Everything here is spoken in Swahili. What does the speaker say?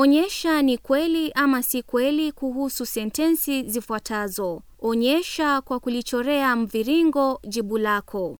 Onyesha ni kweli ama si kweli kuhusu sentensi zifuatazo. Onyesha kwa kulichorea mviringo jibu lako.